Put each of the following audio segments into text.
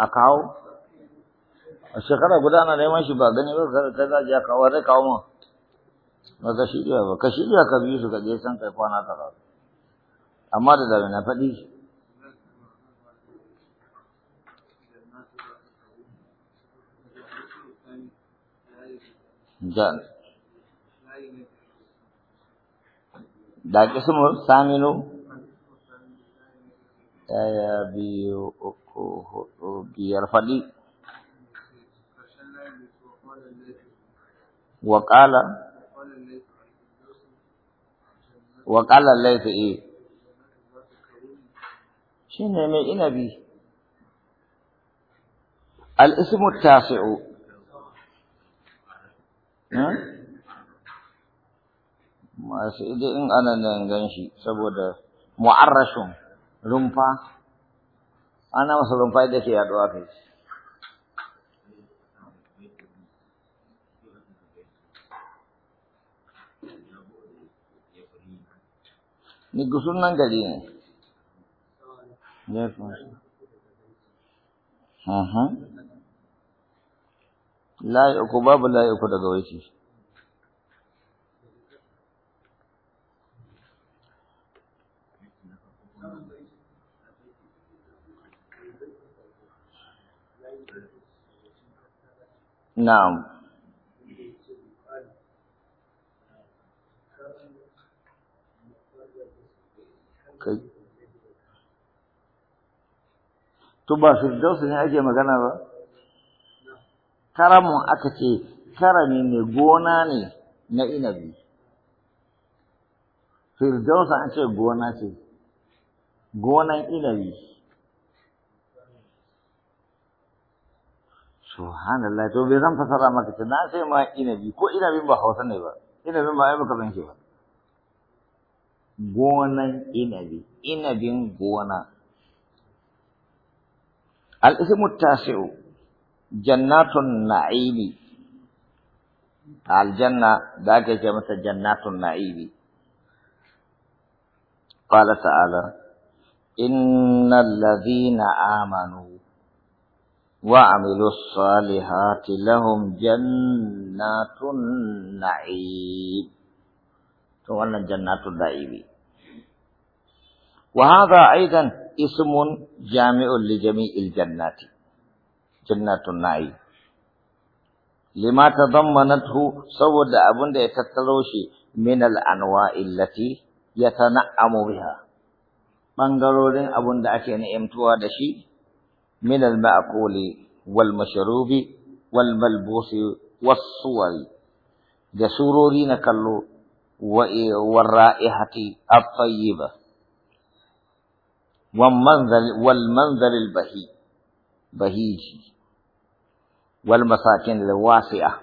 a kawo A shekara guda na neman shi ba gani ba kai za a kawo zai kawo ma. ba ka shirya ba ka shirya ka biyu su ka je san kai kwana kawo amma da dame na faɗi Jan. Da kismu saminu ɗaya biyu uku hudu biyar faɗi. Waƙala? Waƙala laifi e. Eh. Shi ne mai bi? Al’ismu ta su’u. Masu ide ana nan ganshi saboda mu’arrashin. rumfa ana masa rumfa da ke yaduwa kai ni gusun nan gari ne ya fi Layi uku babu layi uku daga shi Na'am. Kai. To ba Firdaus ne ake magana ba? Karamun aka ce karami ne gona ne na inabi. Firdausa an ce gona ce, gonan inabi. سبحان الله تو بي رم فسرا ما كتنا نعم، سي ما اين بي كو اين بي ما هوس ني با اين بي ما اي ما كبن شي با غونا اين بي اين بي غونا الاسم التاسع جنات النعيم الجنه ذاك كما جنات النعيم قال تعالى ان الذين امنوا وعملوا الصالحات لهم جنات النعيم تولى جنات النعيم وهذا أيضا اسم جامع لجميع الجنات جنات النعيم لما تضمنته سود أبن تتلوشي من الأنواع التي يتنعم بها بانغرورين أبن أكي نعمتها دشي من المأكول والمشروب والملبوس والصور جسوروري نكلو والرائحة الطيبة والمنظر, والمنظر البهي بهيجي والمساكن الواسعة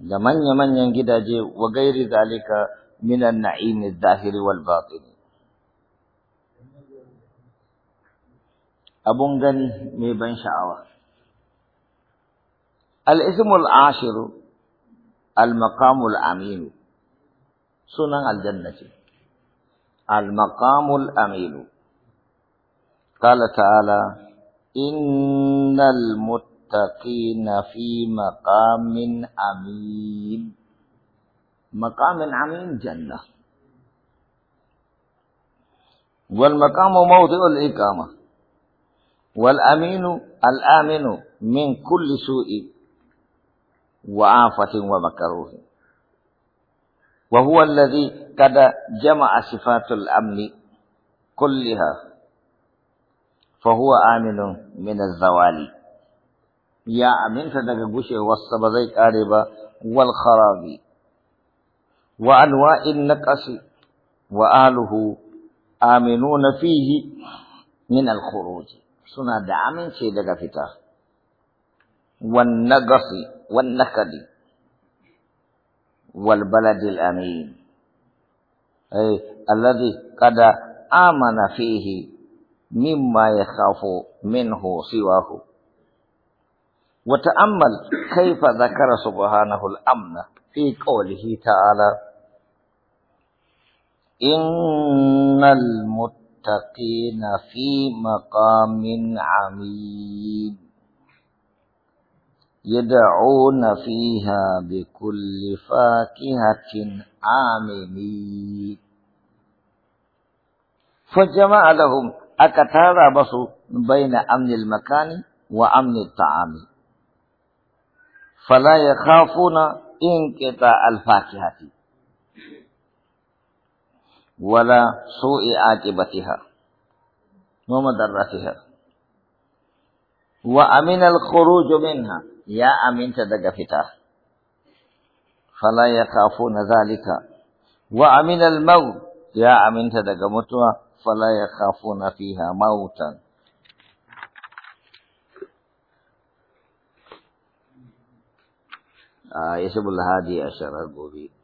لمن يمن ينجد وغير ذلك من النعيم الظاهر والباطن abun gani mai ban sha'awa al-ismul ashiru al-maqamul amin sunan al-jannati al-maqamul amin qala ta'ala innal muttaqina fi maqamin amin maqamin amin jannah wal maqamu mawdi'ul iqamah والأمين الآمن من كل سوء وآفة ومكروه وهو الذي قد جمع صفات الأمن كلها فهو آمن من الزوال يا أمين فدك بشه والصبذيك آربا والخراب وأنواع النقص وأهله آمنون فيه من الخروج سنا دعامن سي دغا فيتا والنقص والنكد والبلد الامين اي الذي قد امن فيه مما يخاف منه سواه وتامل كيف ذكر سبحانه الامن في قوله تعالى ان المتقين المتقين في مقام عميد يدعون فيها بكل فاكهة آمنين فجمع لهم أكثر بصو بين أمن المكان وأمن الطعام فلا يخافون انقطاع الفاكهة ولا سوء عاقبتها ومضرتها وأمن الخروج منها يا أمن تدقفتا فلا يخافون ذلك وأمن الموت يا أمن تدقمتها فلا يخافون فيها موتا آه يسب الهادي أشرار القبيل